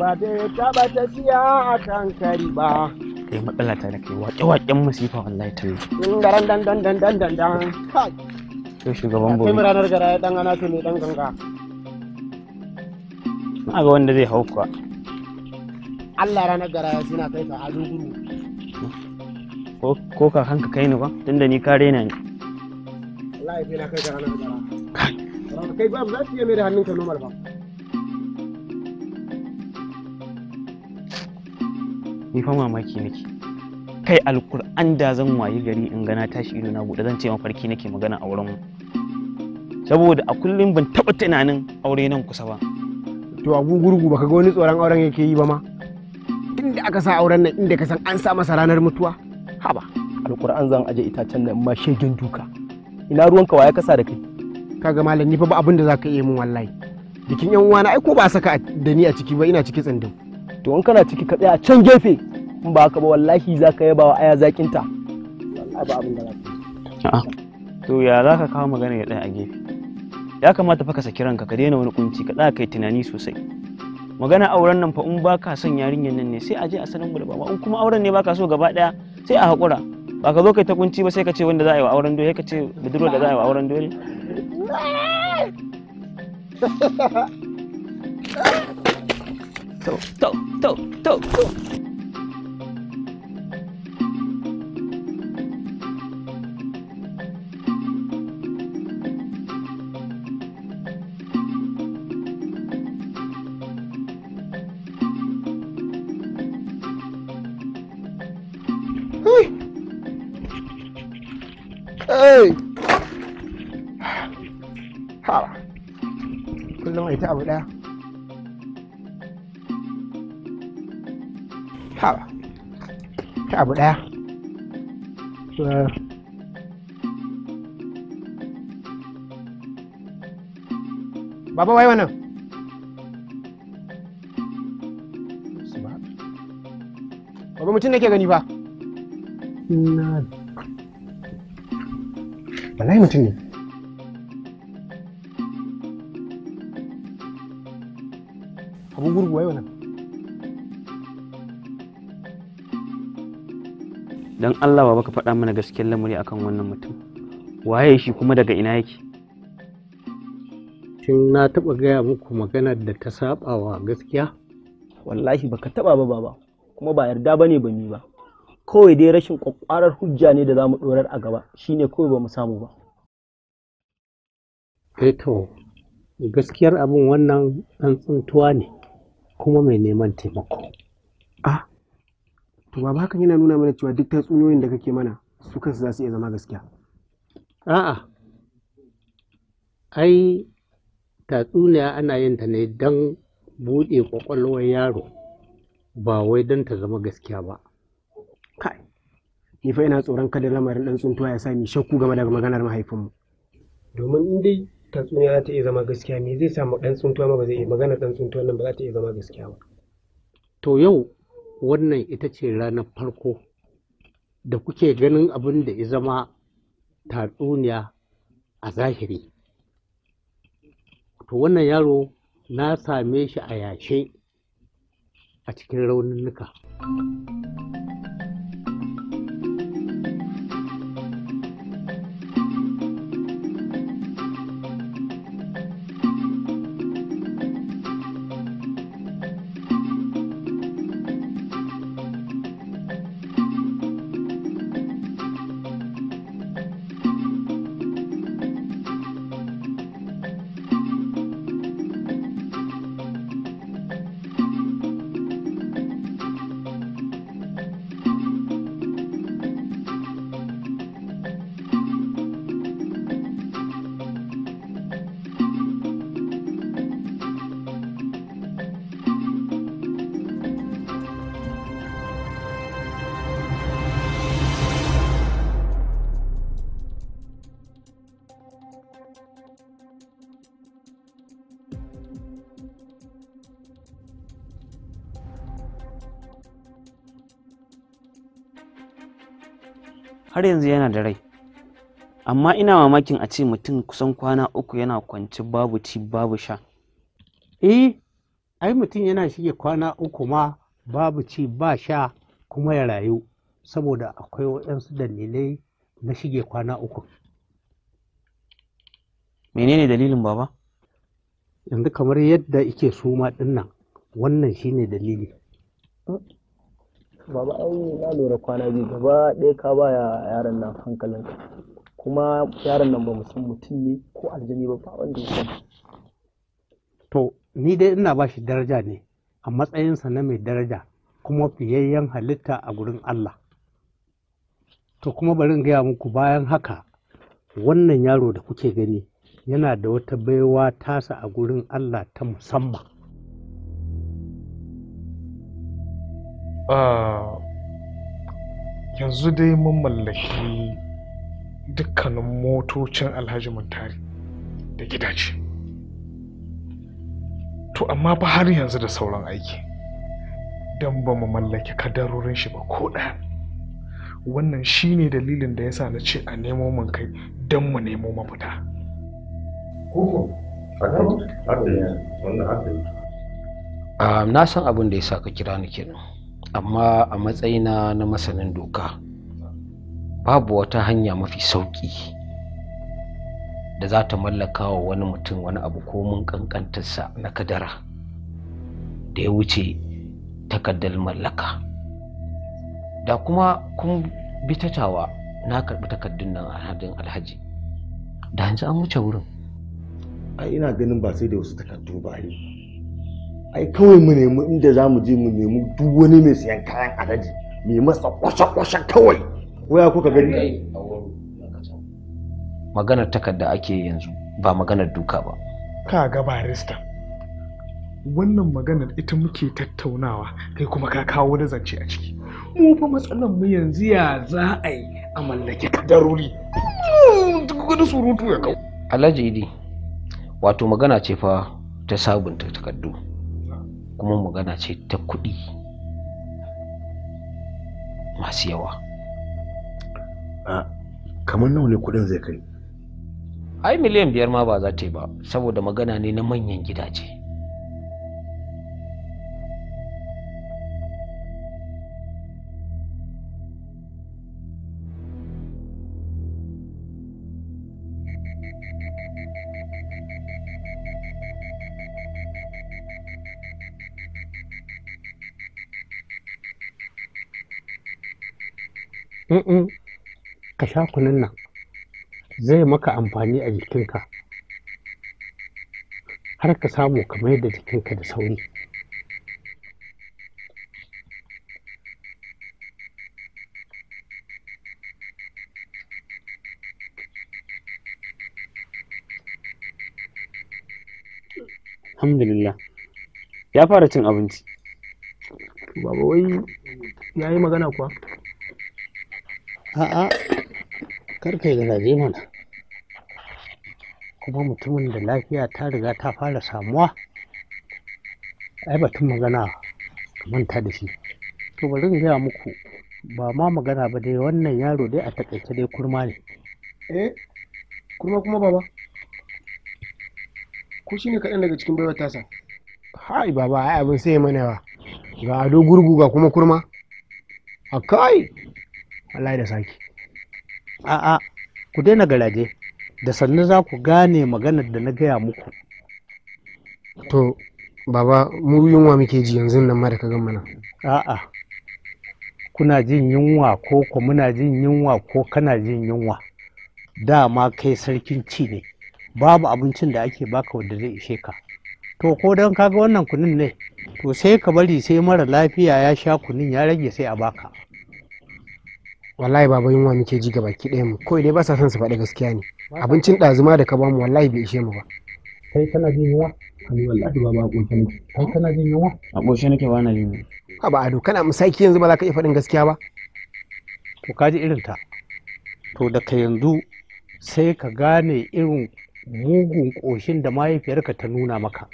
ba zai taba tafiya a kan kari ba. Kai matsala ta da kai waƙe-waƙen masifa wallahi ta yi. Daran dan dan dan dan dan dan. Kai shugaban Bobi. Kai ranar gara ya dan ana ce mai dan ganga. Na ga wanda zai hau kuwa. Allah ranar gara ya suna kai ka alu guru. Ko ka kanka kai ni ba tunda ni kare na ni. Allah ya fi na kai ka ranar gara. Kai ba za su iya mai da hannunka normal ba. ni fa mamaki nake kai alkur'an da zan wayi gari in gana tashi ido na buɗe zan ce mafarki nake magana a wurin saboda a kullum ban taba tunanin aure nan kusa ba to a gugurgu baka ga wani tsoron auren yake yi ba ma inda aka sa auren nan inda ka san an sa masa ranar mutuwa haba alkur'an zan aje itacen nan ma shegen duka ina ruwanka waye kasa da kai kaga malam ni fa ba abin da zaka iya min wallahi bikin yan uwana ai ko ba saka da ni a ciki ba ina ciki tsindin to in kana ciki ka tsaya can gefe in ba haka ba wallahi za ka yaba wa aya zakin ta wallahi ba abin da a'a to ya za ka kawo magana ya tsaya a gefe ya kamata fa ka saki ranka ka daina wani kunci ka tsaya kai tunani sosai magana auren nan fa in ba ka son yarinyar nan ne sai a je a sanin da ba in kuma auren ne ba ka so gaba daya sai a haƙura ba ka zo kai ta kunci ba sai ka ce wanda za a yi wa auren dole ka ce budurwar da za a yi wa auren dole 走走走走走。ơi hả lâu này thế ở đâu ta abu ɗaya Baba wai wannan? Baba mutum ke gani ba? Ina. Wallahi mutum ne. Abu gurgu wai wannan? don Allah ba baka faɗa mana gaskiyar lamuri akan wannan mutum waye shi kuma daga ina yake tun na taɓa gaya muku maganar da ta saba wa gaskiya wallahi baka taɓa ba baba kuma ba yarda ba ne ba ni ba kawai dai rashin kwakwarar hujja ne da za mu ɗorar a gaba shine kawai ba mu samu ba eto eh gaskiyar abin wannan ɗan tsuntuwa ne kuma mai neman taimako ah to ba hakan yana nuna mana cewa duk tatsuniyoyin da kake mana su kansu za su iya zama gaskiya a'a ai tatsuniya ana yin ta ne don buɗe ƙwaƙwalwar yaro ba wai don ta zama gaskiya ba kai ni fa ina tsoron kada lamarin ɗan tsuntuwa ya ni shakku game da maganar mahaifinmu domin in dai tatsuniya za ta iya zama gaskiya me zai samu ɗan tsuntuwa ma ba zai iya maganar ɗan tsuntuwa nan ba za ta iya zama gaskiya ba to yau wannan ita ce ranar farko da kuke ganin abin da ya zama tatsuniya a zahiri to wannan yaro na same shi a yashe a cikin raunin raununuka. har yanzu yana da rai amma ina mamakin a ce mutum kusan kwana uku yana kwance babu ci babu sha eh ai mutum yana shige kwana uku ma babu ci ba sha kuma ya rayu saboda akwai waɗansu dalilai na shige kwana uku menene dalilin baba yanzu kamar yadda ike suma ɗinnan, wannan shine dalili baba ai na lura kwana biyu gaba ɗaya ka ba yaron nan hankalinka kuma yaron nan ba san mutum ne ko aljani ba ba wanda ya san to ni dai ina ba shi daraja ne a matsayinsa na mai daraja kuma fiyayyen halitta a gurin Allah to kuma bari in gaya muku bayan haka wannan yaro da kuke gani yana da wata baiwa tasa a gurin Allah ta musamman Ah, yanzu dai mun mallaki dukkanin motocin alhaji muntari da gidaje to amma ba har yanzu da sauran aiki don ba mu mallaki kadarorin shi ba ko ɗaya wannan shine dalilin da yasa na ce a nemo mun kai don mu nemo mafita ah, na san abin da ya sa ka kira ni kenan amma a matsayina na masanin doka babu wata hanya mafi sauƙi da za ta mallaka wa wani mutum wani abu ko mun kankantarsa na kadara da ya wuce takardar mallaka da kuma kun bi ta tawa na karɓi takardun nan a hadin alhaji da yanzu an wuce wurin ai ina ganin ba sai da wasu takardu ba yi ai kawai mu nemi inda za mu je mu nemi duk wani mai siyan kayan alaji mai masa kwashe-kwashe kawai ko ya kuka gani maganar takarda ake yanzu ba maganar duka ba ka ga barista wannan maganar ita muke tattaunawa kai kuma ka kawo wani zance a ciki mu fa matsalar mu yanzu ya za a yi a mallake kadaruri duk surutu ya kawo alhaji idi wato magana ce fa ta sabunta takardu kuma magana ce ta kuɗi masu yawa a kamar nawa ne kuɗin zai kai ai miliyan biyar ma ba za ta yi ba saboda magana ne na manyan gidaje in ka sha kunun nan zai maka amfani a jikinka har ka samu ka mai da jikinka da sauri alhamdulillah ya fara cin abinci Babu wai ya yi magana kuwa A'a, kar ka yi garaje mana. Kuma mutumin da lafiya ta riga ta fara samuwa, ai batun magana manta da shi. To bari in gaya muku ba ma magana ba dai wannan yaro dai a takaice dai kurma ne. Eh, kurma kuma baba. Ko shi ne kaɗan daga cikin baiwar tasa? Hai baba, ai abin sai mana yawa. Ga ado gurgu ga kuma kurma. A kai! Allah da sake a'a ku daina garaje da sannu za ku gane maganar da na gaya muku to baba mu yunwa muke ji yanzu nan ma da ka gama nan a'a kuna jin yunwa ko ku muna jin yunwa ko kana jin yunwa dama kai sarkin ci ne babu abincin da ake baka wanda zai ishe ka to ko don kaga wannan kunin ne to sai ka bari sai mara lafiya ya sha kunin ya rage sai a baka wallahi baba yunwa muke ji gaba ki ɗayan mu kawai dai ba sa son su faɗi gaskiya ne abincin ɗazuma da ka bamu wallahi bai ishe mu ba kai kana jin yunwa kai wallahi baba a ƙoshe nake kai kana jin yunwa a ƙoshe nake ba na jin yunwa ba ado kana musaki yanzu ba za ka iya faɗin gaskiya ba to ka ji irin ta to da ka yanzu sai ka gane irin mugun ƙoshin da mahaifiyarka ta nuna maka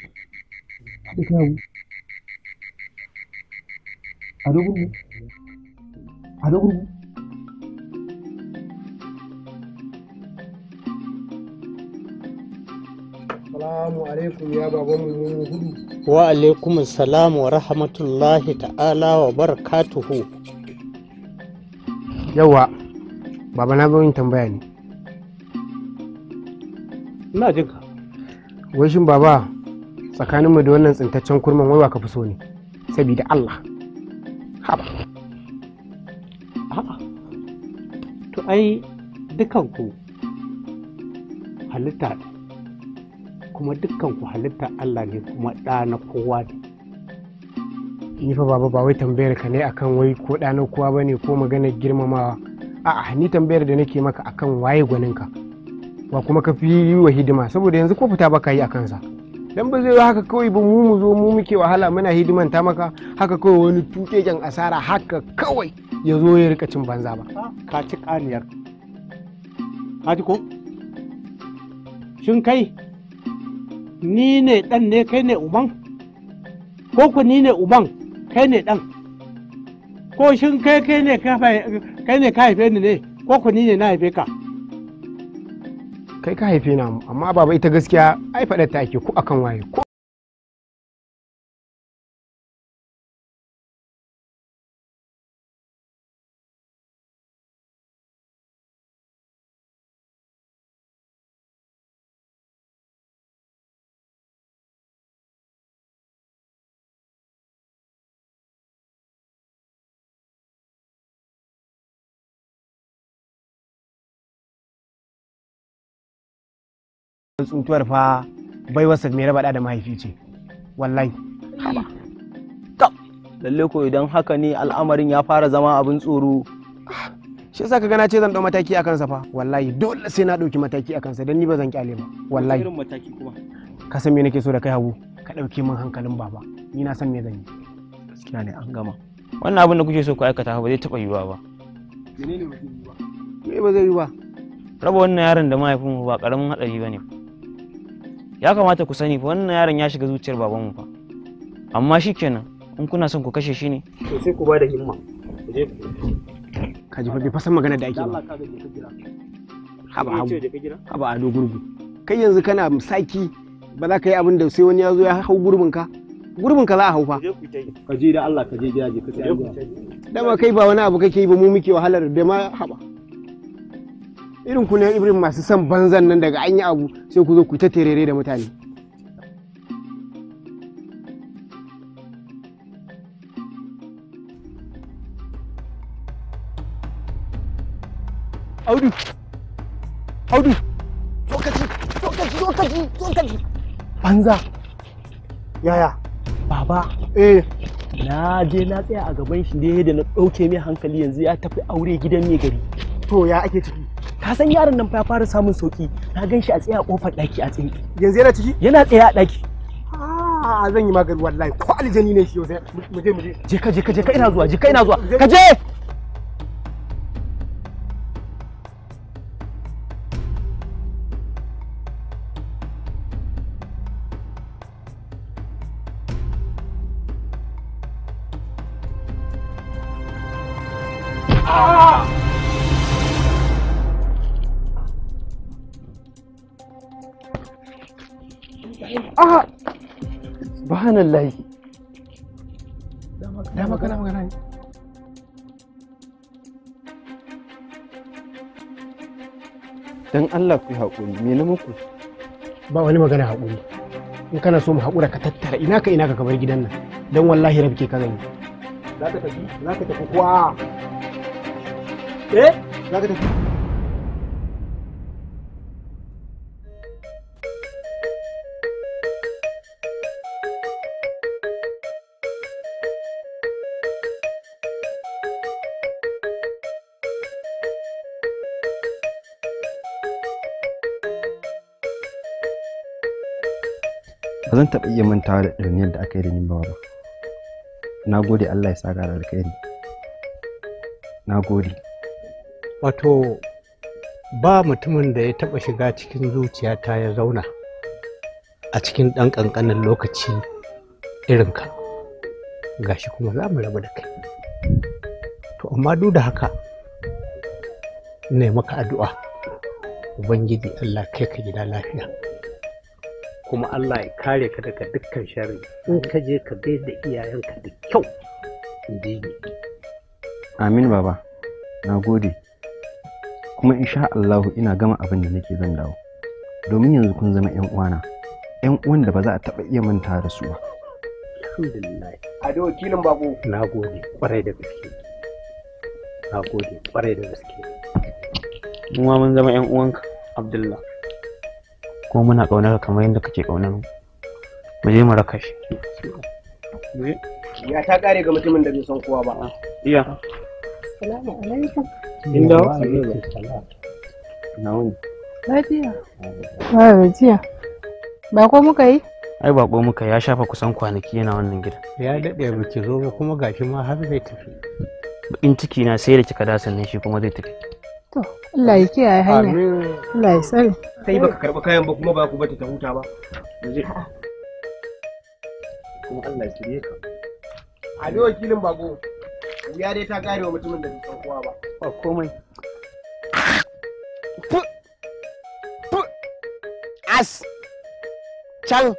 a dogon a dogon assalamu alaikum ya wa alaikum assalam wa rahmatullahi ta'ala wa barakatuhu yawa baba na yin tambaya ne ina wai shin baba tsakanin mu da wannan tsintaccen kurman wai wa ka fi so ne saboda Allah haba a'a to ai dukanku halitta kuma dukkan ku halitta Allah ne kuma ɗa na kowa ni fa baba ba wai tambayar ka ne akan wai ko ɗa na kowa bane ko maganar girmamawa a'a ni tambayar da nake maka akan waye gwaninka Wa kuma ka fi yi wa hidima saboda yanzu ko fita baka yi akan sa dan ba zai haka kawai ba mu mu zo mu muke wahala muna hidiman ta maka haka kawai wani jan asara haka kawai ya zo ya rika cin banza ba ah, ka ci kaniyar ka ci ko shin kai ni ne ɗan ne kai ne uban ko ku ni ne uban kai ne ɗan ko shin kai kai ne ka haife ni ne ko ku ni ne na haife ka kai ka haife na amma baba ita gaskiya ai faɗa ta ake ku akan waye tsuntuwar fa bai wasa mai raba da mahaifi ce wallahi lalle ko idan haka ne al'amarin ya fara zama abin tsoro shi yasa kaga na ce zan dau mataki akan sa fa wallahi dole sai na dauki mataki akan sa dan ni ba zan kyale ba wallahi irin mataki kuma ka san me nake so da kai hagu ka dauke min hankalin baba ni na san me zan yi gaskiya ne an gama wannan abin da kuke so ku aikata ba zai taba yiwa ba menene ba zai yiwuwa me ba zai yiwuwa raba wannan yaron da mahaifin ba karamin hadari bane ya kamata ku sani fa wannan yaron ya shiga zuciyar babanmu fa amma shikenan in kuna son ku kashe shi ne to sai ku bada himma je ka ji fa bai fasan magana da ake ba haba hagu haba ado gurgu kai yanzu kana saki ba za ka yi abin da sai wani ya zo ya hau gurbin ka gurbin ka za a hau fa ka je da Allah ka je gida ka sai dama kai ba wani abu kake yi ba mu muke wahalar da ma haba irin ku ne irin masu son banzan nan daga an abu sai ku zo ku ta terere da mutane audu audu lokaci lokaci lokaci banza yaya baba eh na je na tsaya a gaban shi ne da na ɗauke mai hankali yanzu ya tafi aure gidan mai gari to ya ake ciki ka san yaron nan ya fara samun sauki na gan shi a tsaye a kofar daki a tsaye yanzu yana ciki yana tsaye a daki a ah, zan yi magani wallahi ko aljani ne shi yau sai mu je mu je je ka je ka je ka ina zuwa je ka ina zuwa ka je subhanallahi da magana magana ne dan Allah ku yi haƙuri me na muku ba wani magana haƙuri in kana so mu haƙura ka tattara ina ka ina ka kamar gidan nan dan wallahi rabke ka gani za ka tafi za ka tafi kuwa eh za ka tafi taɓa iya mantawa da ɗauniyar da aka yi da ni ba na gode Allah ya sa gara da kai na gode wato ba mutumin da ya taɓa shiga cikin zuciyata ya zauna a cikin ɗan ƙanƙanin lokaci irinka gashi kuma za mu rabu da kai to amma duk da haka ne maka addu'a ubangiji allah kai ka gida lafiya kuma Allah ya kare ka daga dukkan sharri in mm. ka je ka gaida iyayenka da kyau inji amin baba na gode kuma insha Allah ina gama abin da nake zan dawo domin yanzu kun zama yan uwana yan uwan da ba za a taba iya manta da su ba alhamdulillah a da wakilin babu na gode kwarai da gaske na gode kwarai da gaske mu ma mun zama yan uwanka abdullahi ko muna ƙaunar kamar yadda kake ƙaunar mu mu je mu raka shi ya ta kare ga mutumin da bai san kowa ba iya salamu alaikum inda na wani lafiya ba gajiya ah, ba ko muka yi ai ba ko muka ya shafa kusan kwanaki yana wannan gida ya dade ba ki zo ba kuma gashi ma har zai tafi in ciki na sai da kika da sannan shi kuma zai tafi To, Allah ya kiyaye hanya. Allah ya tsare. Kai baka karɓi kayan ba kuma ba ku bata ta huta ba. Waje. Kuma Allah ya kire ka. Ali wakilin bago. Ya dai ta gane wa mutumin da ke san kowa ba. Ba komai. As. Can.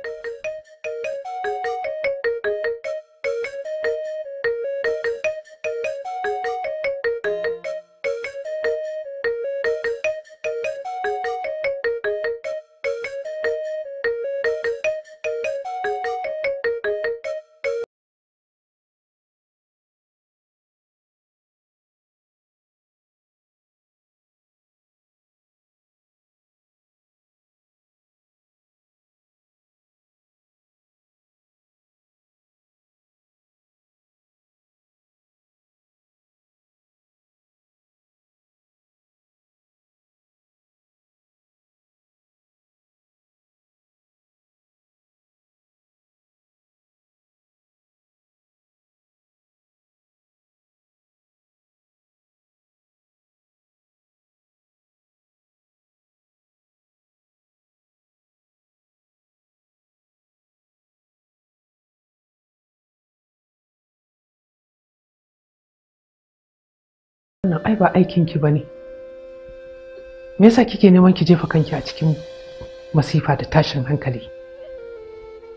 wannan ai ba aikin ki bane me yasa kike neman ki jefa kanki a cikin masifa da tashin hankali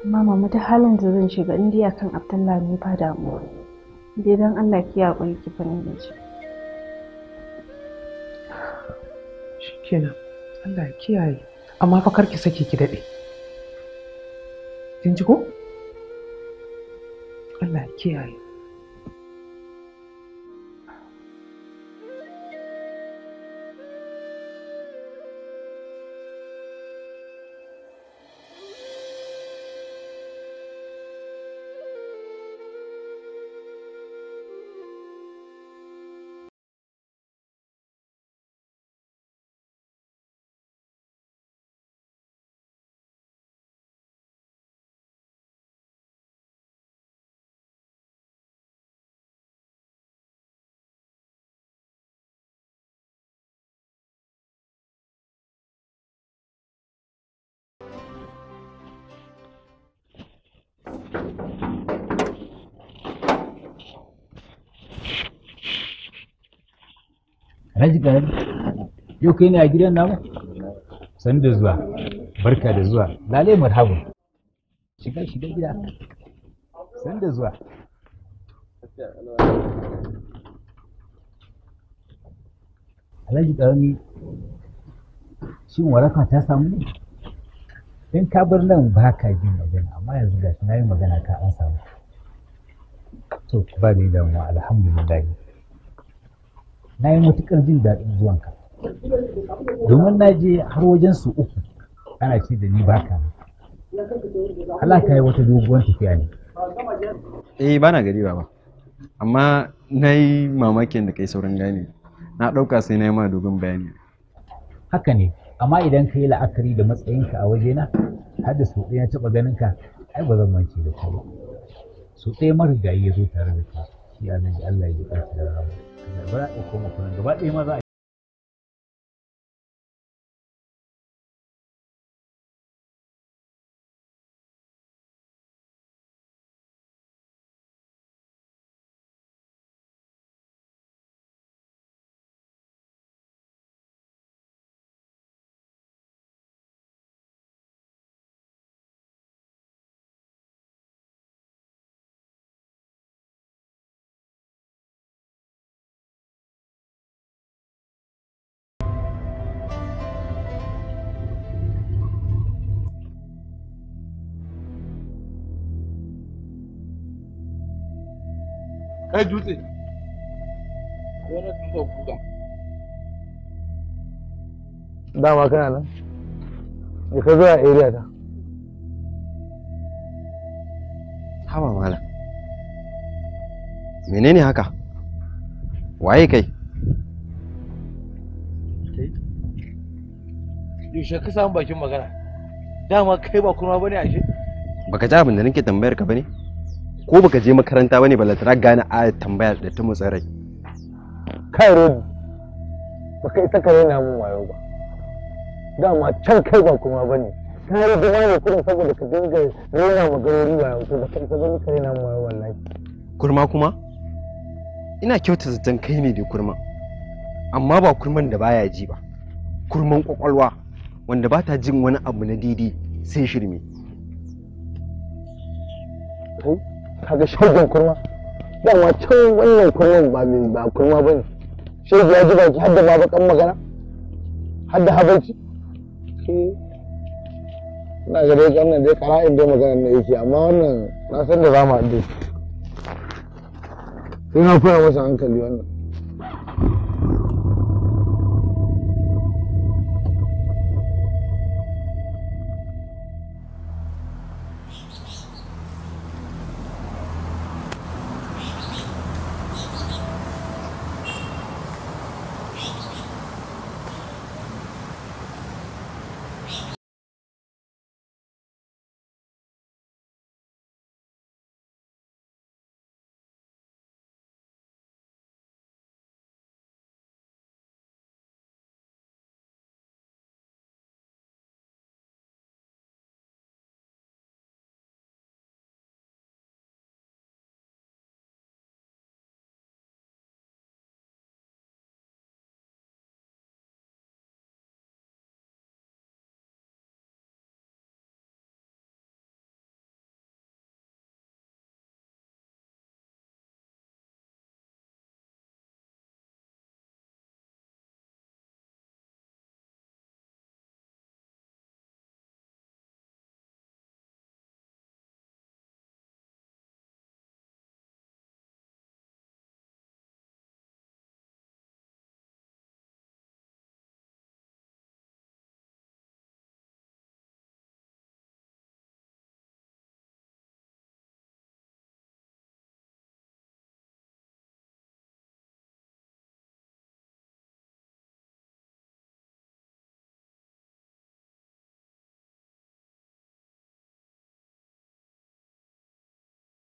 mama mata halin da zan shiga indiya kan abdullahi ne ba damuwa dai dan Allah ki yaƙuri ki fani da shi shikenan Allah ya kiyaye amma fa kar ki sake ki dade kin ji ko Allah ya kiyaye Alhaji Garin, yau kai ne a gidan namu? San da zuwa, barka da zuwa, lalai marhabu. Shiga shiga gida, san da zuwa. Alhaji ƙarami shin waraka ta samu ne? In kabar bar nan ba ka yi magana, amma yanzu ga na yi magana ka an samu. To, ba ni damuwa, alhamdulillah. na yi matuƙar jin daɗin zuwanka domin na je har wajen su uku ana ce da ni baka Allah ka yi wata doguwar tafiya ne eh bana gari ba amma na yi mamakin da kai saurin gane na ɗauka sai na yi ma dogon bayani haka ne amma idan ka yi la'akari da matsayinka a wajena har da sau na taɓa ganin ka ai ba zan mance da kai ba sau ɗaya marigayi ya zo tare da ka shi ya Allah ya ji ƙarfi da rama da bala ya koma kunan gaba ɗaya maza za kai dutse ka a haba malam haka waye kai yaushe ka samu bakin magana dama kai ba kuma bane ashe baka ji abinda da nake tambayar ka bane ko baka je makaranta bane balantana gane a tambaya da ta motsa rai kai rodi baka ita kare na mu wayo ba dama can kai ba kuma bane ka yi rigima ne kurin saboda ka dinga rena magarori wayo to baka ita bane kare na mu wayo wallahi kurma kuma ina kyauta zaton kai ne da kurma amma ba kurman da baya ji ba kurman kwakwalwa wanda ba ta jin wani abu na daidai sai shirme. kaga shagin kurma dama can wannan kurman ba mai ba kurma bane shi ya ji baki hadda ba bakan magana hadda habanci eh. ina ga dai kamar dai kara'in dai maganar na yake amma wannan na san da za mu haɗu sai na koya masa hankali wannan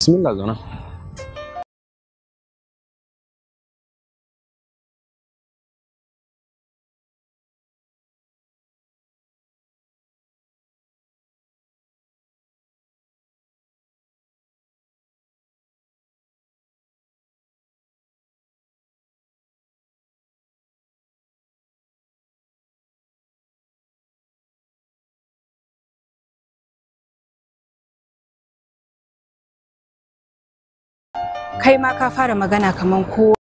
इसमें लगाना kai ma ka fara magana kaman kowa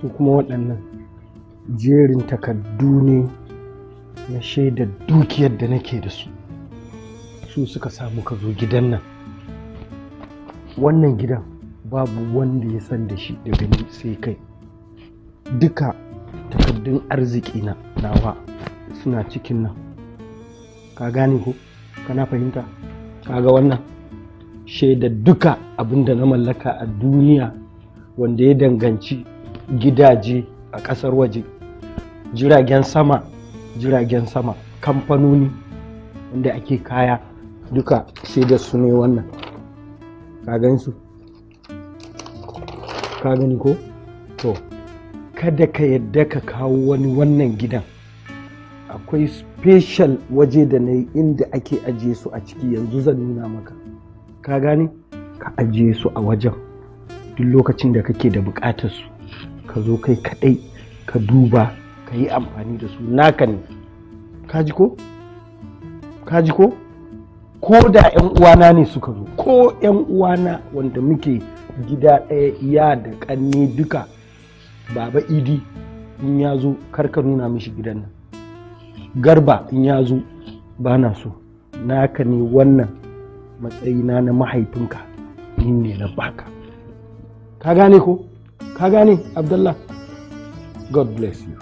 su kuma waɗannan jerin takardu ne na shaidar dukiyar da nake da su su suka samu ka zo gidan nan wannan gidan babu wanda ya san da shi daga ni sai kai duka takardun arziki na nawa suna cikin nan ka gane ko kana fahimta kaga wannan shaidar duka abinda na mallaka a duniya wanda ya danganci gidaje a ƙasar waje jiragen sama jiragen sama kamfanoni wanda ake kaya duka sai su ne wannan ka gan su ka gani ko to kada ka yadda ka kawo wani wannan gidan akwai special waje da na yi inda ake ajiye su a ciki yanzu zan nuna maka ka gani ka ajiye su a wajen duk lokacin da kake da bukatar su ka zo kai kaɗai ka duba ka yi amfani da su naka ne kaji ko kaji ko ko da 'yan uwana ne suka zo ko 'yan uwana wanda muke gida ɗaya iya da ƙanne duka baba idi in ya zo karka nuna mishi gidan nan garba in ya zo ba na so naka ne wannan matsayina na mahaifinka ni ne na baka ka gane ko ka gane abdullah god bless you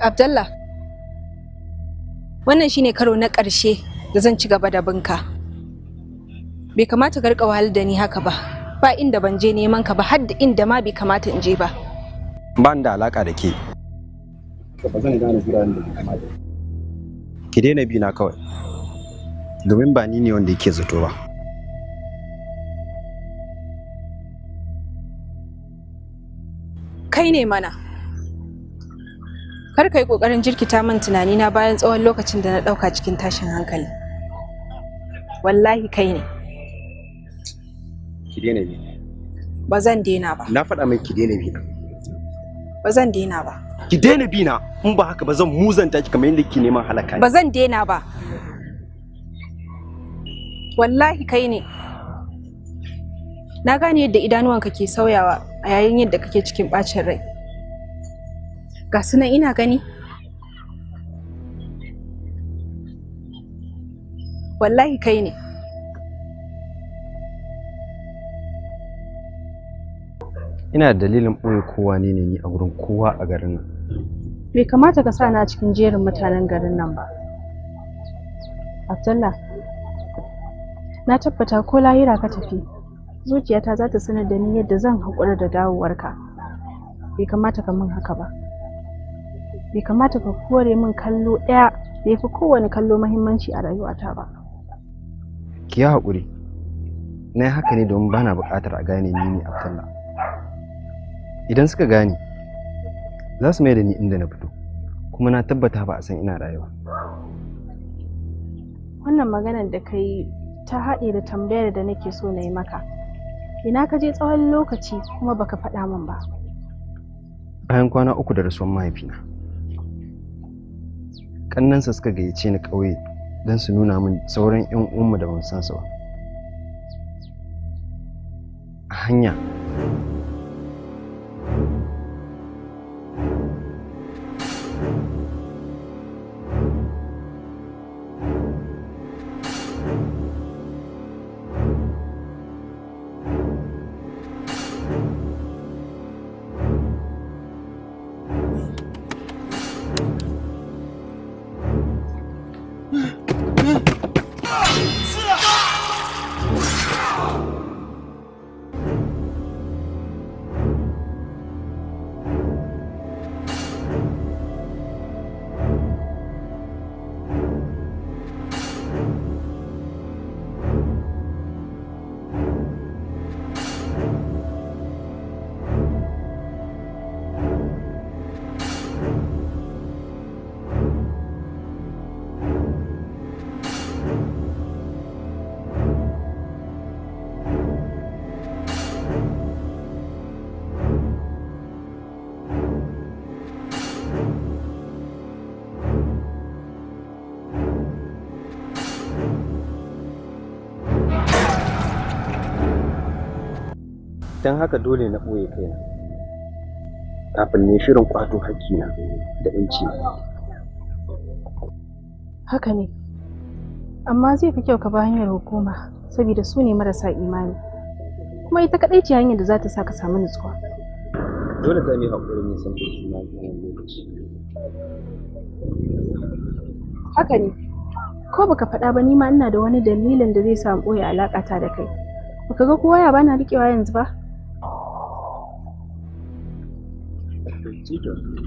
Abdallah, wannan shine karo na ƙarshe da zan ci gaba da binka. Bai kamata ka riƙa wahal da ni haka ba, ba inda ban je neman ka ba har da inda ma bai kamata in je ba. Ba da alaƙa da ke. Ba zan gane guraren da kamata. Ki daina bi na kawai, domin ba ni ne wanda yake zato ba. Kai ne mana. kar ka yi ƙoƙarin jirkita min tunani na bayan tsawon lokacin da na ɗauka cikin tashin hankali wallahi kai ne ki daina bi ba zan daina ba na faɗa mai ki daina bi na ba zan daina ba ki daina bi na in ba haka ba zan muzanta ki kamar yadda ki neman halaka ba zan daina ba wallahi kai ne na gane yadda idanuwanka ke sauyawa a yayin yadda kake cikin ɓacin rai ga su nan ina gani wallahi kai ne ina da dalilin ɓoye kowa ne ne ni a wurin kowa a garin nan bai kamata ka sa na cikin jerin mutanen garin nan ba abdullah na tabbata ko lahira ka tafi zuciyata za ta sanar da ni yadda zan haƙura da dawowarka bai kamata ka min haka ba bai kamata ka kore min kallo ɗaya bai fi kowane kallo mahimmanci a rayuwata ba ki yi haƙuri na yi haka ne domin ba na buƙatar a gane ni ne abdullah idan suka gane za su mai da ni inda na fito kuma na tabbata ba a san ina rayuwa wannan maganar da ka yi ta haɗe da tambayar da nake so na yi maka ina ka je tsawon lokaci kuma baka faɗa min ba bayan kwana uku da rasuwan mahaifina kannansa suka gayyace ni ƙauye don su nuna min sauran 'yan umma da ban san su ba a hanya don haka dole na ɓoye kaina kafin ne shirin kwato hakkina da inci haka ne amma zai fi kyau ka ba hanyar hukuma saboda su ne marasa imani kuma ita kaɗai ce hanyar da za ta sa ka samu nutsuwa dole ta yi haƙurin nisan na juna lokaci haka ne ko baka faɗa ba ni ma ina da wani dalilin da zai samu ɓoye alaƙata da kai baka ga kowa ya bana riƙewa yanzu ba Shikenan.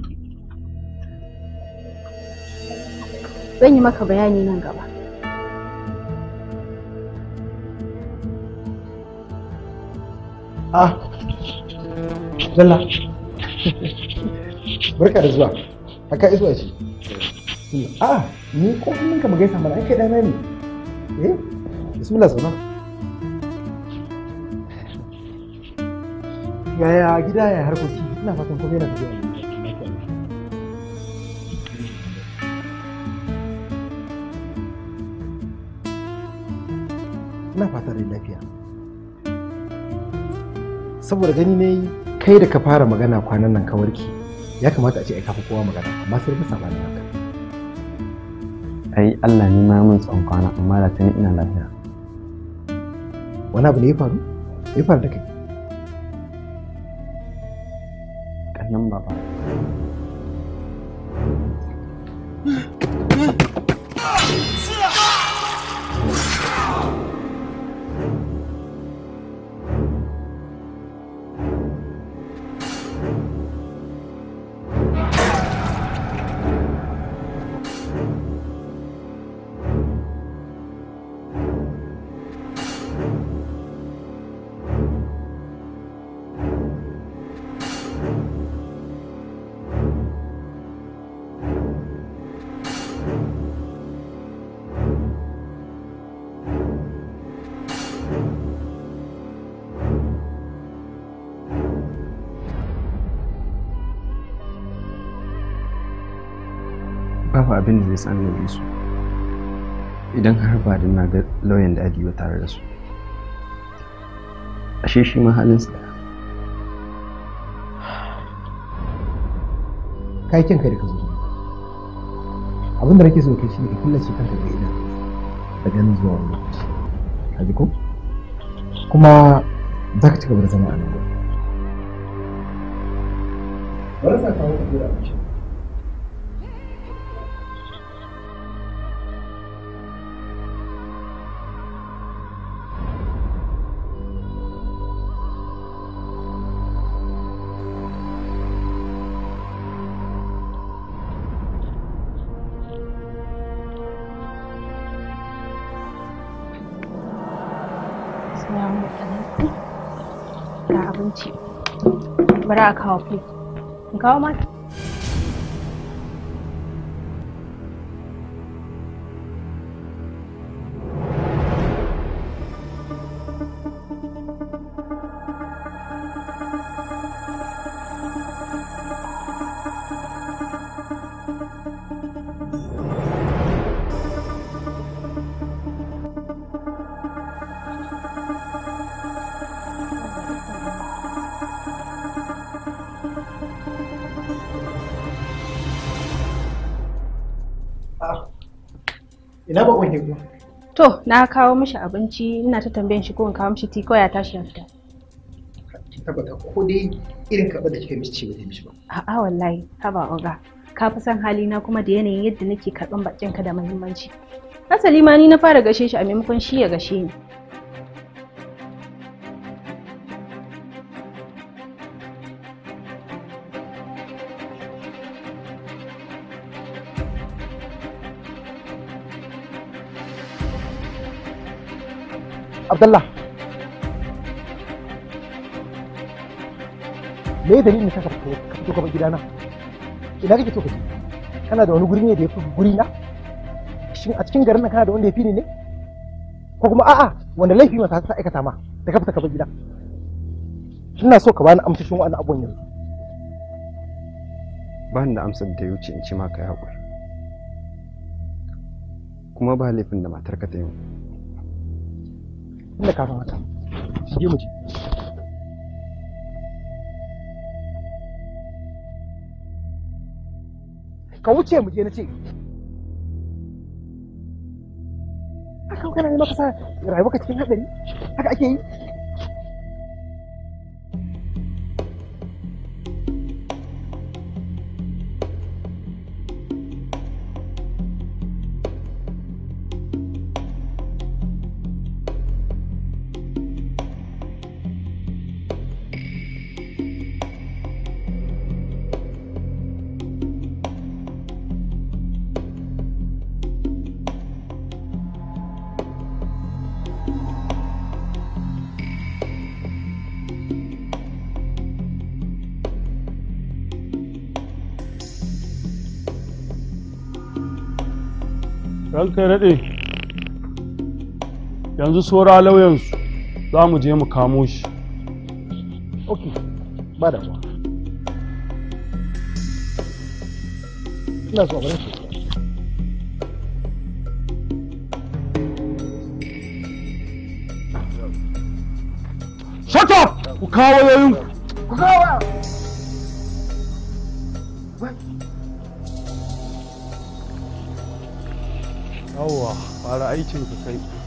Zan yi maka bayani nan gaba. Ah, Zalla. barka da zuwa, haka izuwa ce. Ah, ni ko hannunka mu gaisa mana ake dana ne. Eh, bismillah sauna. Yaya gida ya harkoki, ina fatan kuma yana tafiya Allah fata da lafiya saboda gani ne kai da ka fara magana kwanan nan ka warke ya kamata a ce ai kafa kowa magana amma sai ka saba haka ai Allah ne ma mun tsawon kwana amma da tuni ina lafiya wani abu ne ya faru ya faru da kai kannan baba babu abin da zai sami su idan har ba da na ga lauyan da adiyo tare da su ashe shi ma halin sa kai kin kai ka zo abin da nake so kai shi ne ka shi kanka da ina da ganin zuwa wannan kaji ko kuma za ka ci gaba da zama a nan gaba. bari sa kawo ka a cikin. za a kawo plate to na kawo mishi abinci ina ta tambayan shi ko in kawo mishi ti ya tashi ya fita tabbata ko dai irin wallahi haba oga ka fi san hali na kuma da yanayin yadda nake karɓan bakin ka da muhimmanci asali ma ni na fara gashe shi a maimakon shi ya gashe ni Abdullah me dalilin ka saka ka fito ka gidana ina kake so ka je kana da wani guri ne da yafi guri na shin a cikin garin nan kana da wanda yafi ni ne ko kuma a'a wanda laifi ma ta sa aikata ma da ka fita ka bar gida ina so ka bani amsashin wa'annan abun yanzu ba da amsar da ya wuce in ci maka ya kuma ba laifin da matar ka ta yi tunda kafin haka shige mu je ka wuce mu je na ce haka kana ne maka sa rayuwa cikin hadari haka ake yi ranka ya yanzu saura lauyansu za mu je mu kamo shi ok ba da ba ina Shut up! Ku kawo yoyinku. 2%.